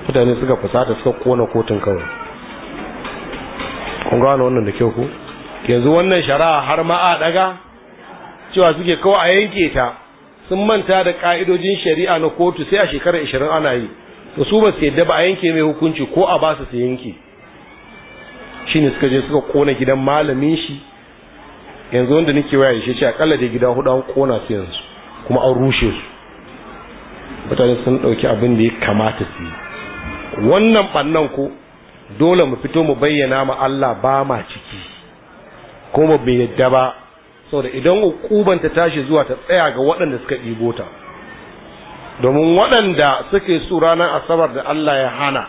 mutane suka fusata suka kona kotun kawai kun gano wannan da kyau ku yanzu wannan shari'a har ma a daga cewa suke kawai a yanke ta sun manta da ka'idojin shari'a na kotu sai a shekarar 20 ana yi to su ba su yadda ba a yanke mai hukunci ko a ba su su yanke shine suka je suka kona gidan malamin shi yanzu wanda nake waya shi ce kalla da gida hudu an kona su yanzu kuma an rushe su mutane sun dauki abin da ya kamata su yi wannan bannan ko dole mu fito mu bayyana ma Allah ba ma ciki kuma bai yadda ba saboda idan hukubanta ta tashi zuwa ta tsaya ga waɗanda suka ɗibo ta domin waɗanda suke su ranar asabar da Allah ya hana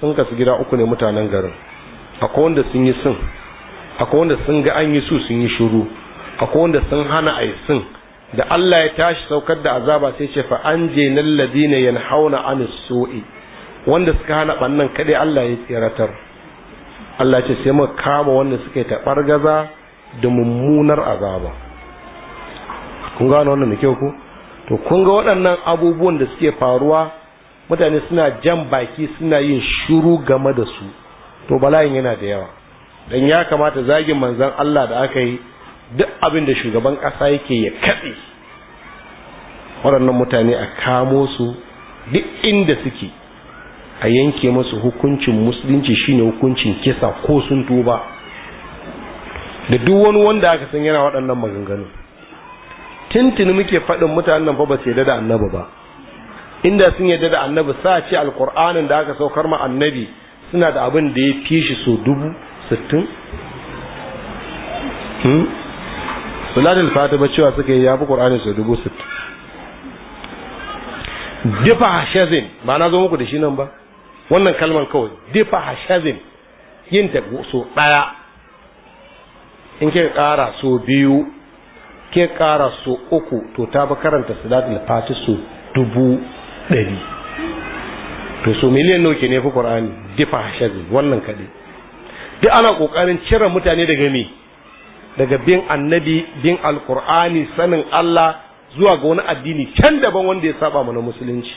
sun kasu gida uku ne mutanen garin akwai wanda sun yi sun akwai wanda sun ga an yi su sun yi shiru akwai wanda sun hana a yi sun da Allah ya tashi saukar da azaba sai ce fa an je nan ladina yan hauna an so'i wanda suka hana bannan kaɗai Allah ya tseratar Allah ce sai mu kama wanda suka yi taɓar gaza da mummunar azaba kun gano wannan da kyau ku to kun ga waɗannan abubuwan da suke faruwa mutane suna jan baki suna yin shuru game da su to balayin yana da yawa dan ya kamata zagin manzan Allah da aka yi duk abin da shugaban ƙasa yake ya katse waɗannan mutane a kamo su duk inda suke a yanke musu hukuncin musulunci shine hukuncin kisa ko sun tuba da duk wani wanda aka san yana waɗannan maganganu tintini muke faɗin mutanen fa ba su yarda da annabi ba inda sun yarda da annabi sa ce alkur'anin da aka saukar ma annabi suna da abin da ya fi shi so dubu sittin hmm? suladin fata ba cewa suka yi ya fi ƙur'anin so dubu sittin difa hashazin ba na zo muku da shi nan ba wannan kalmar kawai difa hashazin yin da so ɗaya in kika ƙara so biyu ke kara su uku to ta fi karanta salatul fati su dubu ɗari to so miliyan nawa ke fi ƙur'ani difa hashazi wannan kaɗi. duk ana ƙoƙarin cire mutane daga me daga bin annabi bin alƙur'ani sanin allah zuwa ga wani addini can daban wanda ya saba mana musulunci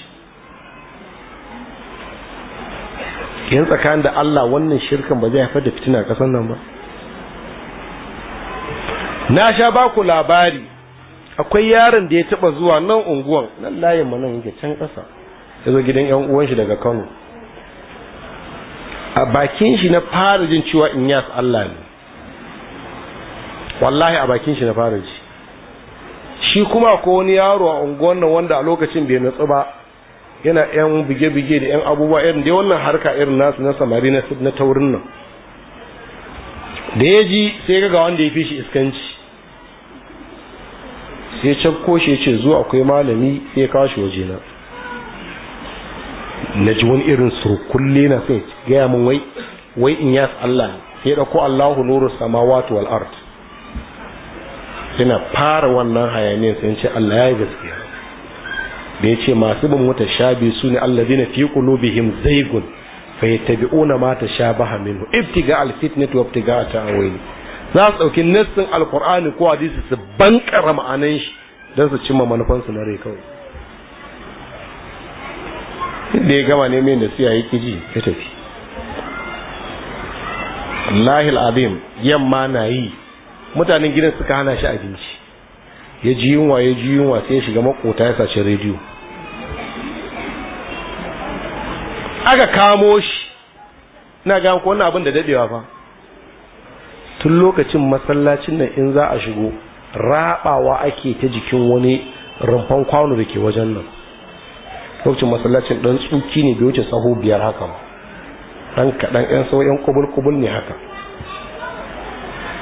yan tsakanin da allah wannan shirkan ba zai haifar da fitina kasan nan ba na sha ba ku labari akwai yaron da ya taba zuwa nan unguwan nan layin manan nan yake can ƙasa ya zo gidan yan uwan shi daga Kano a bakin shi na fara jin cewa in Inyas Allah ne wallahi a bakin shi na fara ji shi kuma ko wani yaro a unguwan nan wanda a lokacin bai natsu ba yana yan bige-bige da yan abubuwa irin dai wannan harka irin nasu na samari na taurin nan da ya ji sai ga wanda ya fi shi iskanci sai cakko shi ce zuwa akwai malami sai ya waje na na ji wani irin surkulle na sai gaya min wai wai in yas Allah sai ko Allahu nuru samawati wal ard yana fara wannan hayaniyar sai ce Allah ya yi gaskiya da ya ce masu bin wata shabi su ne allazina fi qulubihim zaygun fayattabi'una ma tashabaha minhu ibtiga al fitnati wa ibtiga ta'awili za su ɗauki nassin alkur'ani ko hadisi su bankara ma'anan shi don su cimma manufansu na rai kawai da ya gama ne mai nasiya ya ji ya tafi Allahi al'azim yamma na yi mutanen gidan suka hana shi abinci ya ji yunwa ya ji yunwa sai ya shiga makota ya sace rediyo aka kamo shi na ga ko wannan abin da dadewa fa tun lokacin masallacin nan in za a shigo rabawa ake ta jikin wani rumfan kwano da ke wajen nan lokacin masallacin ɗan tsuki ne bai wuce saho biyar haka ba ɗan kaɗan ɗan sau yan kubul-kubul ne haka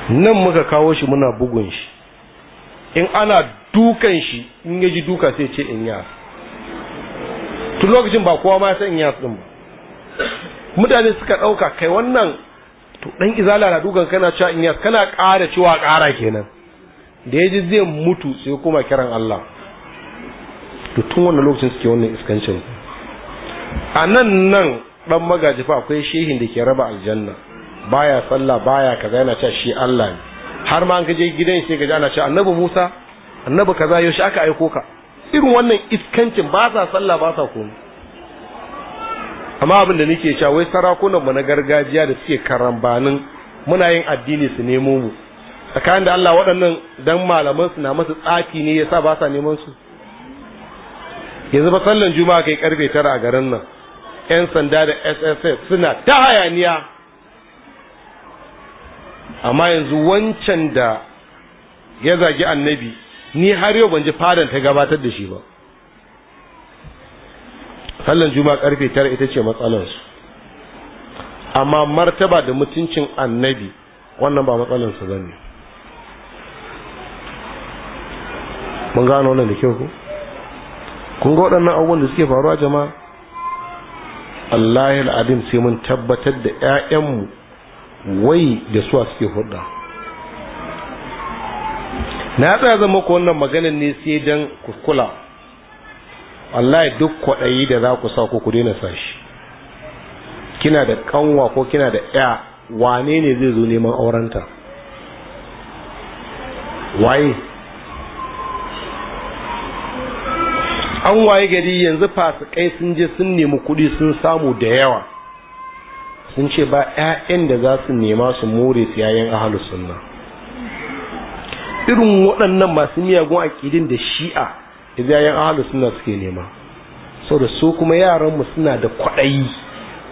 nan muka kawo shi muna bugun shi in ana dukan shi in ya ji duka sai ce in yas tun lokacin ba kowa ma ya san in yas ba mutane suka ɗauka kai wannan to dan izala na dukan kana cewa in yas kana ƙara cewa ƙara kenan da ya ji zai mutu sai kuma kiran Allah to tun wannan lokacin suke wannan iskancin a nan nan dan magaji fa akwai shehin da ke raba aljanna baya sallah baya kaza yana cewa shi Allah ne har ma an kaje gidan shi gaje ana cewa annabi Musa annabi kaza yaushe aka aiko ka irin wannan iskancin ba sa sallah ba sa komai amma abin da nake cewa wai sarakunan mu na gargajiya da suke karambanin muna yin addini su nemo mu tsakanin da Allah waɗannan dan malaman su na masu tsafi ne yasa ba sa neman su yanzu ba sallan juma'a kai karfe tara a garin nan yan sanda da SSS suna ta hayaniya amma yanzu wancan da ya zagi annabi ni har yau ban ji fadan ta gabatar da shi ba sallan juma karfe tara ita ce matsalansu amma martaba da mutuncin annabi wannan ba matsalansu ba ne mun gano wannan da kyau ku kun ga waɗannan abubuwan da suke faruwa jama'a Allah al'adim sai mun tabbatar da 'ya'yanmu wai da suwa suke hudda na tsaya zama ku wannan maganin ne sai don kukula wallahi duk kwaɗayi da za ku sa ku ku daina sa shi kina da kanwa ko kina da ya wane ne zai zo neman aurenta waye an waye gari yanzu fasikai sun je sun nemi kuɗi sun samu da yawa sun ce ba 'ya'yan da za su nema su more su yayin ahalus sunna irin waɗannan masu miyagun aƙidin da shi'a iyayen ahalu suna suke nema saboda su kuma yaran mu suna da kwaɗayi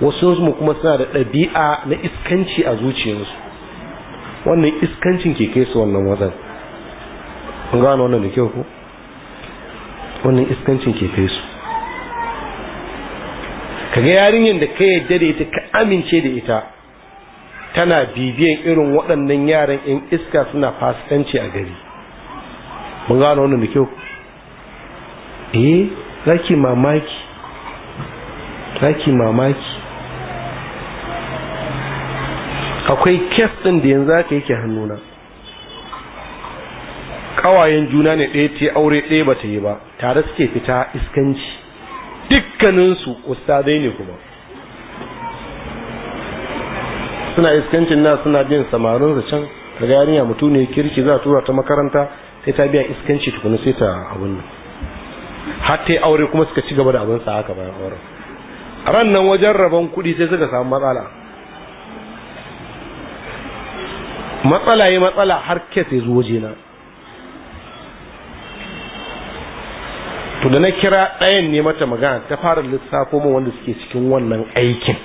wasu mu kuma suna da ɗabi'a na iskanci a zuciyarsu wannan iskancin ke kai su wannan wadan an gano wannan da kyau ko wannan iskancin ke kai su ga yarinyar da ka yadda da ita ka amince da ita tana bibiyan irin waɗannan yaran in iska suna fasikanci a gari mun gano wannan da kyau eh zaki mamaki zaki mamaki akwai kes ɗin da yanzu aka yake hannuna ƙawayen juna ne ɗaya ta aure ɗaya ba ta yi ba tare suke fita iskanci dukkaninsu ustazai ne kuma suna iskancin na suna jin samarin can daga yarinya mutum ne kirki za a tura ta makaranta sai ta biya iskanci tukuna sai ta abin har ta yi aure kuma suka ci gaba da abin sa haka bayan aure. ran nan wajen rabon kuɗi sai suka samu matsala matsala yi matsala har kes ya zo jina to da na kira ɗayan ne mata magana ta fara lissafo mu wanda suke cikin wannan aikin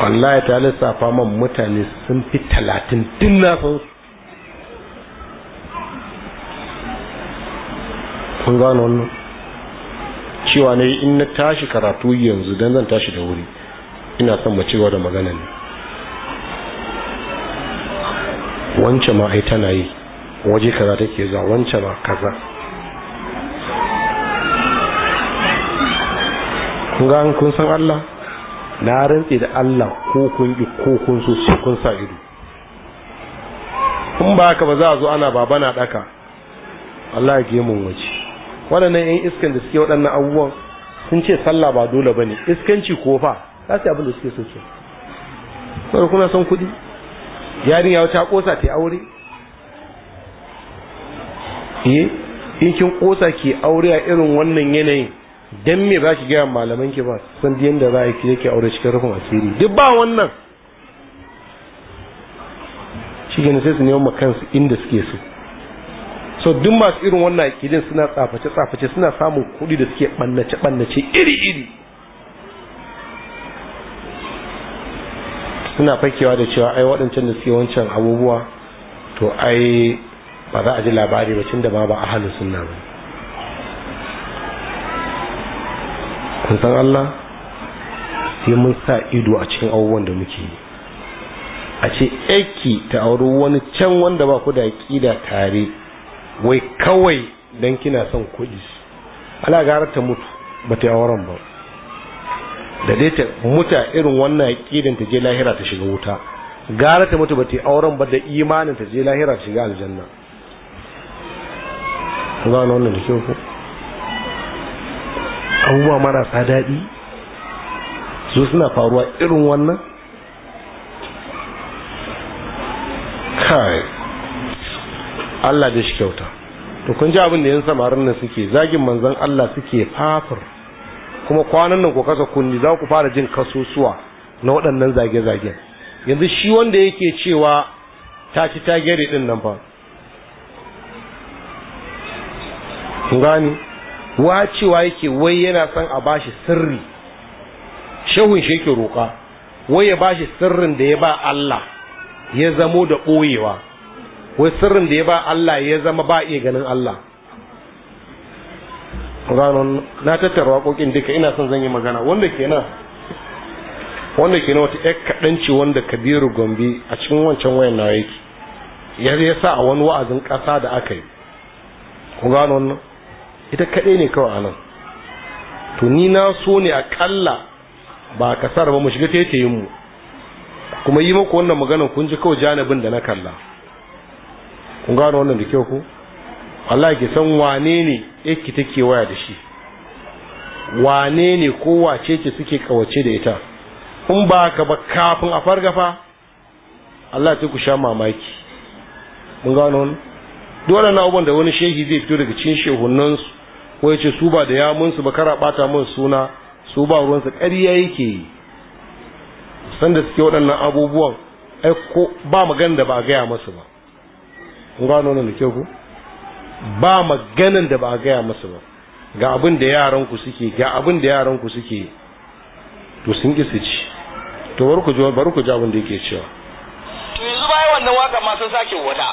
wallahi ta lissafa man mutane sun fi talatin tun na kun gano wannan cewa ne in na tashi karatu yanzu dan zan tashi da wuri ina son mu cewa da magana ne wancan ma ai tana yi waje kaza take zuwa wancan ma kaza kun ga kun san Allah na rantse da Allah ko kun ki ko kun so su kun sa ido kun ba ka ba za a zo ana babana daka Allah ya ge mun waje waɗannan yan iskan da suke waɗannan abubuwan sun ce sallah ba dole ba ne iskanci ko fa za su abin da suke so ce saboda kuna son kuɗi yarinya wata ƙosa ta aure eh in kin ƙosa ke aure a irin wannan yanayin don me za ki gaya malaman ki ba san da za ki yake aure cikin rufin asiri duk ba wannan shi ne sai su neman kansu inda suke so to duk masu irin wannan akidin suna tsaface tsaface suna samun kuɗi da suke ɓannace ɓannace iri iri suna fakewa da cewa ai waɗancan da suke wancan abubuwa to ai ba za a ji labari ba cin da ma ba a halin suna ba kun san Allah sai mun sa ido a cikin abubuwan da muke yi a ce aiki ta auri wani can wanda ba ku da aƙida tare wai kawai don kina son kuɗi ala gara ta mutu ba ta ran ba da dai ta muta irin wannan kidin ta je lahira ta shiga wuta gara ta mutu ba ta auren ba da imanin ta je lahira ta shiga aljanna za gano wannan da kyau ku abubuwa marasa daɗi su suna faruwa irin wannan kai Allah da shi kyauta to kun ji abin da yan samarin nan suke zagin manzon Allah suke fafur kuma kwanan nan ku kasa kunni za ku fara jin kasusuwa na waɗannan zage-zagen yanzu shi wanda yake cewa ta ci ta gere din nan fa kun gani wa cewa yake wai yana son a bashi sirri shehun shi yake roƙa wai ya bashi sirrin da ya ba Allah ya zamo da ɓoyewa wai sirrin da ya ba Allah ya zama ba iya ganin Allah ranar na tattara waƙoƙin duka ina son zan yi magana wanda kenan wanda kenan wata ƴar kaɗanci wanda kabiru gombe a cikin wancan wayan na yake ya ya sa a wani wa'azin ƙasa da aka yi ku gano ita kaɗai ne kawai anan to ni na so ne a ƙalla. ba kasar ba mu shiga yi mu kuma yi maku wannan magana kun ji kawai janibin da na kalla kun gano wannan da kyau ku. Allah ke san wane ne yake take waya da shi wane ne ko wace ce suke kawace da ita in ba ka ba kafin a fargafa Allah sai ku sha mamaki mun gano wannan dole na uban da wani shehi zai fito daga cikin su ko yace su ba da yamunsu ba kara bata mun suna su ba su ƙarya yake yi Sanda da suke waɗannan abubuwan ai ko ba magana da ba ga gaya masu ba kun gano wannan da kyau ku ba maganan da ba a gaya masa ba ga abin da yaran ku suke ga abin da yaran ku suke to sun ki su ci to bari ku ji bari ku ji abin da yake cewa to yanzu bayan wannan waka ma sun sake wada.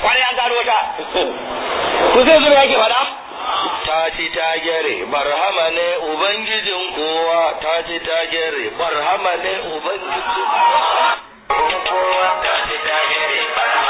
kwarai an gano wata Ku sai zuwa yake fada ta ci ta gere barhama ne ubangijin kowa ta ci ta gere barhama ne ubangijin kowa ta ci ta gere barhama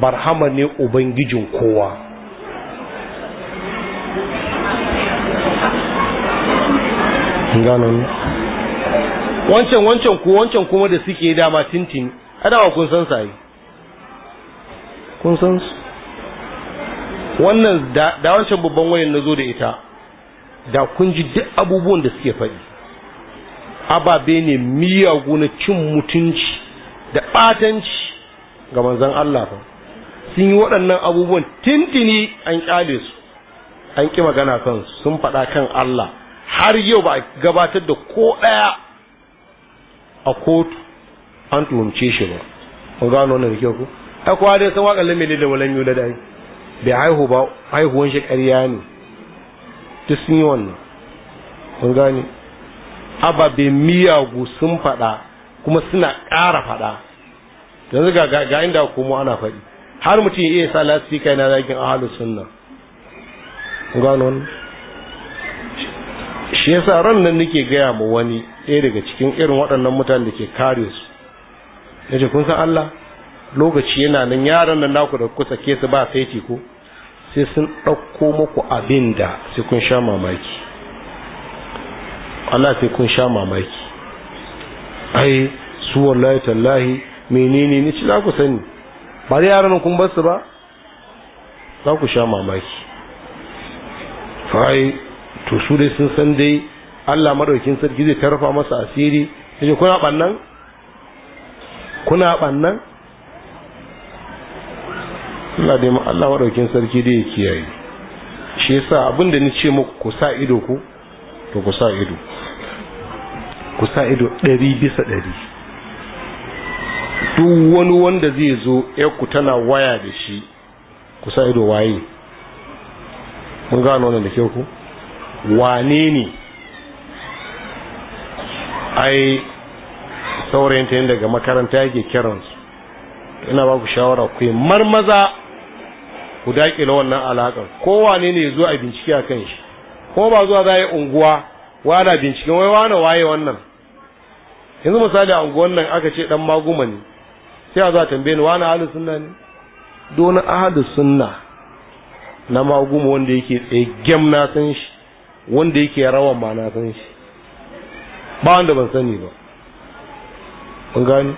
barhama ne ubangijin kowa wancan wancan ku wancan kuma da suke dama tintin adawa kun san sai kun san wannan da wancan babban wayan na zo da ita da kun ji duk abubuwan da suke faɗi ababe ne miyagu na cin mutunci da ɓatanci ga manzon Allah fa sun yi waɗannan abubuwan tintini an ƙyale su an ƙi magana kan sun faɗa kan Allah har yau ba a gabatar da ko ɗaya a kotu an tuhumce shi ba kun gano wannan da kyau ku kuwa dai san waƙa lamele da walan yula da bai haihu ba haihuwan shi ƙarya ne duk sun yi wannan kun gane ababe miyagu sun faɗa kuma suna ƙara faɗa yanzu ga inda kuma ana faɗi har mutum ya iya sa lasifika yana zagin ahalus sunna gano wani. shi yasa ran nan nake gaya ma wani ɗaya daga cikin irin waɗannan mutane da ke kare su ya kun san Allah lokaci yana nan yaran nan naku da kusa ke su ba saiti ko sai sun ɗauko muku abin da sai kun sha mamaki Allah sai kun sha mamaki ai su wallahi tallahi menene ni ci za ku sani ba da yaran kun basu ba za ku sha mamaki fai to su dai sun san dai Allah maɗaukin sarki zai tarfa masa asiri yace kuna bannan kuna bannan Allah dai Allah maɗaukin sarki dai ya kiyaye shi yasa abin da ni ce muku ku sa ido ku to ku sa ido ku sa ido ɗari bisa ɗari duk wani wanda zai zo ku tana waya da shi ku sa ido waye mun gano wannan da ke ku wane ne ai ta yin daga makaranta yake su ina ba ku shawara ku yi marmaza ku daƙila wannan alaƙar wane ne zuwa bincike a kan shi ko ba zuwa za yi unguwa da binciken wai wane waye wannan yanzu misali a unguwan nan aka ce dan maguma ne sai a za tambaye ni wani ahlus sunna ne don ahlus sunna na maguma wanda yake tsaye gem na san shi wanda yake rawa ma na san shi ba wanda ban sani ba kun gani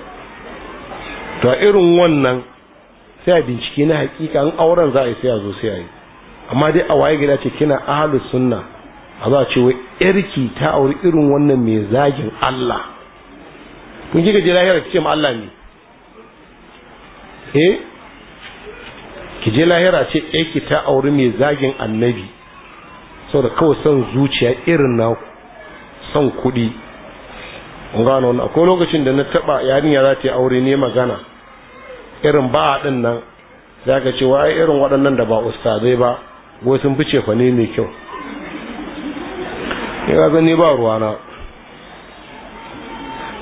to irin wannan sai a bincike na hakika an auren za a yi sai a zo sai a yi amma dai a waye gida ce kina ahlus sunna a za a ce wai yarki ta auri irin wannan mai zagin Allah kun ji gaje lahira ki ce ma Allah ne eh ki je lahira ce ɗaya eh, ki ta auri mai zagin annabi saboda kawai son zuciya irin na son kuɗi kun gano wannan akwai lokacin da na taɓa yarinya za ta yi aure ne magana irin ba a ɗin nan za ka ce wa irin waɗannan da ba ustazai ba wai sun fi ne mai kyau ya ga ruwa ba ruwana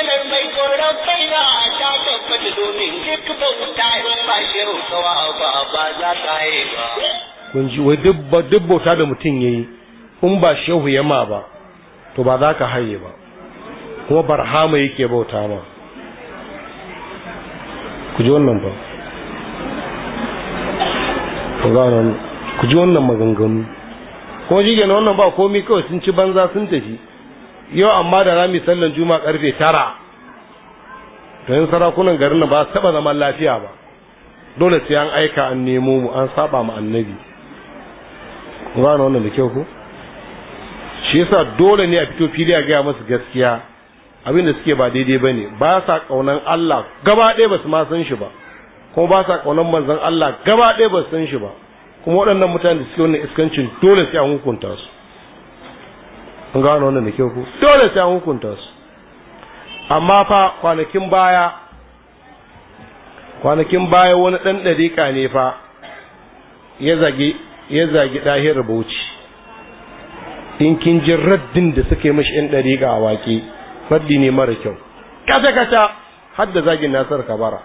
maganar mai tsoron kaina ta tabbata domin duk bauta in ba shi ba ba za ta yi ba. Kun ji wai duk bauta da mutum ya yi in ba shehu ya ma ba to ba za ka haye ba kuma barhama yake bauta ma. Ku ji wannan ba. Ku ji wannan maganganu. Kuma shi wannan ba komi kawai sun ci banza sun tafi. yau amma da rami sallan juma karfe tara don sarakunan garin na ba su taba zaman lafiya ba dole sai an aika an nemo mu an saba mu annabi gano wannan da kyau ko shi yasa dole ne a fito fili a gaya masu gaskiya abinda suke ba daidai ba ne ba sa kaunan Allah gaba ɗaya ba su ma san shi ba kuma ba sa kaunan manzan Allah gaba ɗaya ba su san shi ba kuma waɗannan mutane da suke wannan iskancin dole sai an hukunta su an gano wannan da kyau ku dole sai an hukunta su amma fa kwanakin baya kwanakin baya wani ɗan ɗariƙa ne fa ya zagi ya zagi dahir rubuci in kin ji raddin da suke mashi ɗan ɗariƙa a waƙe raddi ne mara kyau kata kata har da zagin nasar kabara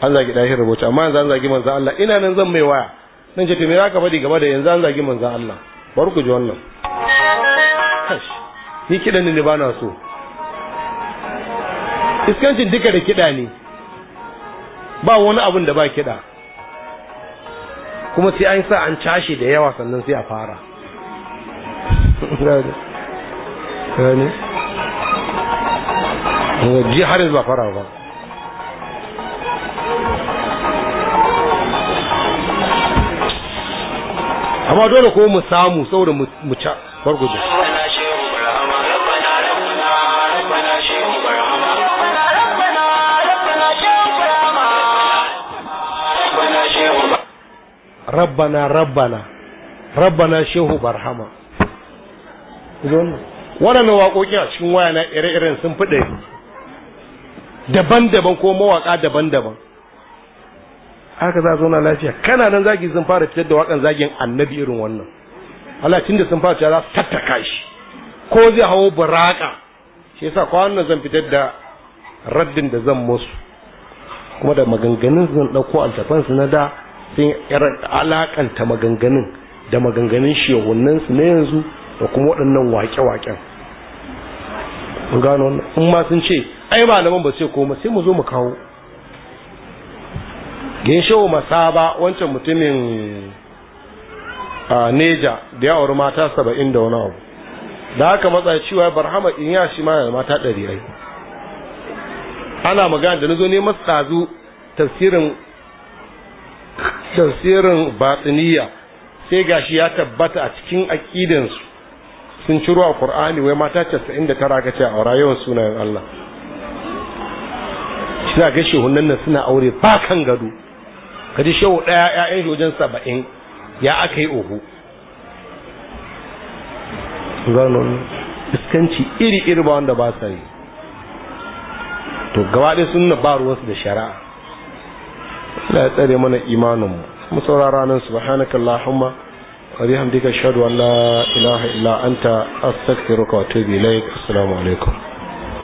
an zagi dahir rubuci amma yanzu an zagi manzo Allah ina nan zan mai waya nan ce me za ka faɗi game da yanzu an zagi manzo Allah Bar ku ji wannan ni kiɗan ne ba na so iskancin duka da kiɗa ne ba wani abun da ba kiɗa kuma sai an sa an cashe da yawa sannan sai a fara ji har ba fara ba amma dole ko mu samu saboda mu ci farko rabbana rabbana rabbana shehu barhama waɗannan waƙoƙi a cikin waya na ire-iren sun fi ɗari daban-daban ko mawaƙa daban-daban haka za zo na lafiya kana nan zagi sun fara fitar da waƙan zagin annabi irin wannan halatin da sun fara cewa za su tattaka shi ko zai hawo buraka shi yasa kwanan zan fitar da raddin da zan musu kuma da maganganun zan ɗauko altafansu na da sun alakanta maganganun da maganganun shehunansu na yanzu da kuma waɗannan waƙe-waƙen gano wannan in ma sun ce ai malaman ba ce koma sai mu zo mu kawo ginshewa masaba wancan mutumin a neja da ya mata saba'in da wani abu da haka matsa cewa barhama in ya shi ma mata ɗari ai ana magana da na zo ne masu tafsirin tafsirin batiniya sai gashi ya tabbata a cikin aƙidansu sun ciro a qur'ani wai mata 99 aka ce aura yawan sunayen Allah suna gashi shehunan nan suna aure ba kan gado kaji shehu daya 'ya'yan shi wajen 70 ya aka yi oho zanon iskanci iri iri ba wanda ba sa yi to gaba ɗaya sunna ba ruwansu da shari'a Allah ya tsare mana imanin mu saurara nan subhanaka allahumma wa bihamdika ashhadu an la ilaha illa anta astaghfiruka wa atubu ilaik assalamu alaikum